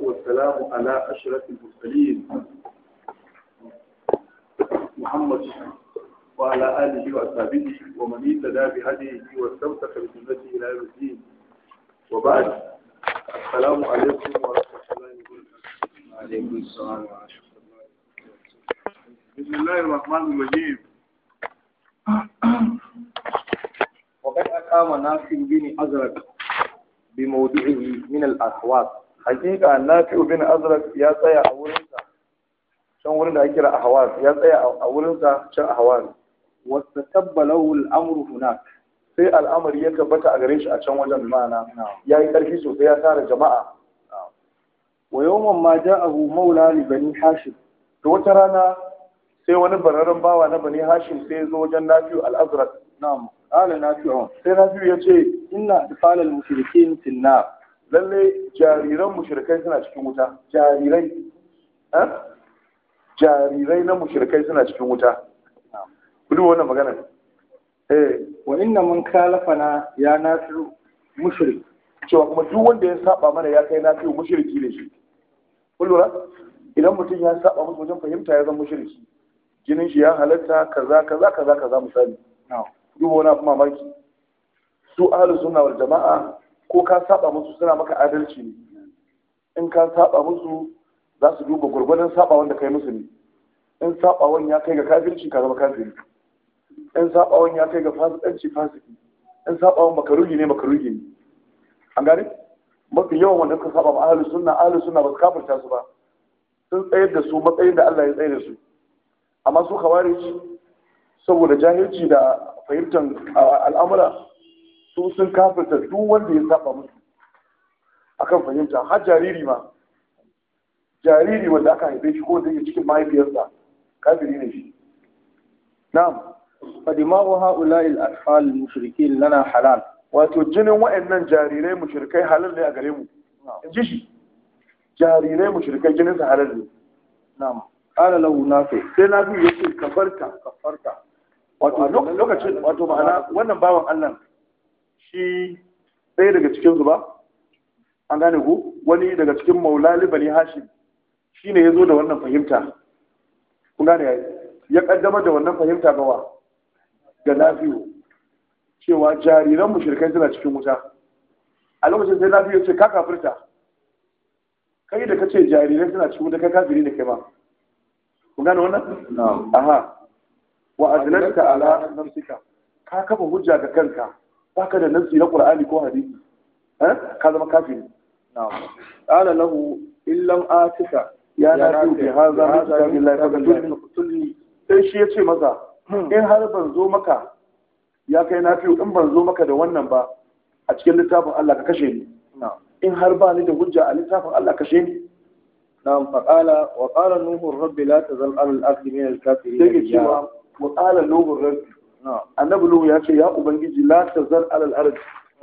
والسلام على أشرف المرسلين محمد وعلى آله وأصحابه ومن اهتدى بهديه واستمسك بسنته إلى يوم الدين وبعد السلام عليكم ورحمة الله وبركاته وعليكم السلام ورحمة الله وبركاته بسم الله الرحمن الرحيم وقد أقام ناس بن أزرق بموضعه من الأحواض hakika nafi'u bin azrak ya tsaya a wurinsa can wurin da ake kira ahwaz ya tsaya a wurin wurinsa can ahwaz wasta tabbalahu al'amru hunak sai al'amari ya tabbata a gare shi a can wajen ma'ana ya yi ƙarfi sosai ya tara jama'a wa yawman ma ja'ahu maula li bani hashim to wata rana sai wani bararren bawa na bani hashim sai ya zo wajen nafi'u al-azrak na'am qala nafi'u sai nafi'u ya ce inna idkhal al-mushrikin fi an lalle jariran mushirkai suna cikin wuta jarirai jarirai na mushrikai suna cikin wuta kudu wannan magana eh wa inna man kalafana ya nasiru mushrik cewa kuma duk wanda ya saba mana ya kai nasiru mushriki ne shi kullura idan mutum ya saba musu wajen fahimta ya zama mushriki jinin shi ya halatta kaza kaza kaza kaza misali duk wani abu mamaki su ahlus sunna wal jama'a ko ka saba musu suna maka adalci ne in ka saba musu za su duba gwargwadon saba wanda kai musu ne in wani ya kai ga kafirci ka zama kafiri in wani ya kai ga fasikanci fasiki in wani makaruhi ne makaruhi ne an gane mafi yawan wanda suka saba ma ahlus sunna ahlus sunna ba su kafirta su ba sun tsayar da su matsayin da Allah ya tsayar da su amma su khawarij saboda jahilci da fahimtar al'amura su sun kafirta duk wanda ya saba musu akan fahimta har jariri ma jariri wanda aka haife shi ko da yake cikin mahaifiyarsa kafiri ne shi na'am fadima'u ha'ula'il atfal mushrikin lana halal wato jinin wa'annan jarirai mushrikai halal ne a gare mu in ji shi jarirai mushrikai jinin sa halal ne na'am qala lahu nafi sai nafi yace kafarta kafarta wato lokacin wato ma'ana wannan bawan Allah shi ɗaya daga cikinsu ba an gane ku wani daga cikin maulali bani hashim shi ne ya zo da wannan fahimta kun gane ya Ya ƙaddamar da wannan fahimta gawa ga lafiyo cewa jariran mushirkai suna cikin wuta a lokacin sai lafiyo ce ka kafirta kai da kace jarirai suna cikin wuta kai kafiri ne kai ma kun gane wannan aha wa azlanta ala nafsika ka kafa hujja ga kanka baka da nasi na qur'ani ko hadisi eh ka zama kafiri na'am lahu in atika ya na bi hadha min kitabillahi fa qulni sai shi yace in har ban zo maka ya kai na fiyo in ban zo maka da wannan ba a cikin littafin Allah ka kashe ni in har ba ni da hujja a littafin Allah kashe ni wa نعم فقال وقال yi الرب لا تزل yi الأرض من الكافرين وقال نوح الرب annabi Nuhu ya ce ya ubangiji la tazar alal ard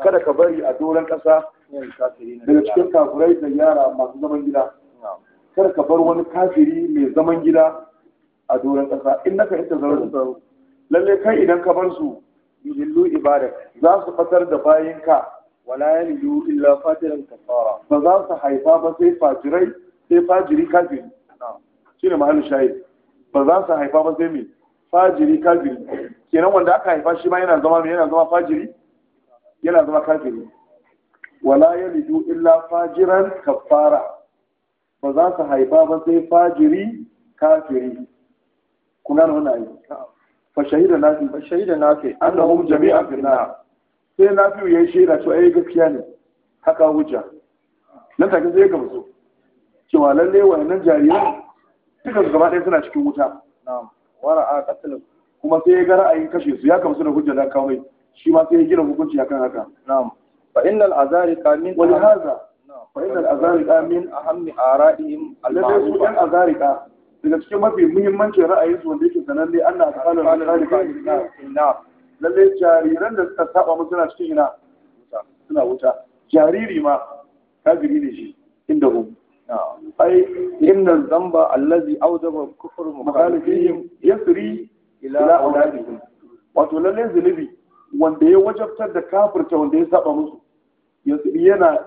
kada ka bari a doran kasa daga cikin kafurai da yara masu zaman gida kada ka bar wani kafiri mai zaman gida a doran kasa in naka ita zarar lalle kai idan ka bar su yillu ibadak za su fatar da bayinka wala yalidu illa fajiran kafara ba za su haifa ba sai fajirai sai fajiri kafiri shine mahallin shahid ba za su haifa ba sai me. fajiri kafiri kenan wanda aka haifa shi ma yana zama mai yana zama fajiri yana zama kafiri wala yalidu illa fajiran kafara ba za su haifa ba sai fajiri kafiri kuna nan wani ayi fa shahida nafi fa shahida nafi annahum jami'an fil nar sai nafi yayi shaida to ai eh, gaskiya ne haka hujja nan take sai ga musu cewa lalle wannan jariran duka gaba ɗaya suna cikin wuta na'am wara'a qatl kuma sai ya ga ra'ayin kashe su ya kamsu da hujja da kawai shi ma sai ya gina hukunci akan haka na'am fa innal azarika min wa lihaza fa innal azarika min ahammi ara'ihim alladhi an azarika daga cikin mafi muhimmancin ra'ayin su wanda yake sananne Allah ta kallon azarika inna lalle jariran da suka saba mu suna cikin ina suna wuta jariri ma kafiri ne shi inda hu ai inna zamba allazi awjaba kufru mukhalifihim yasri ila auladikum wato lalle zunubi wanda ya wajabtar da kafirta wanda ya saba musu yana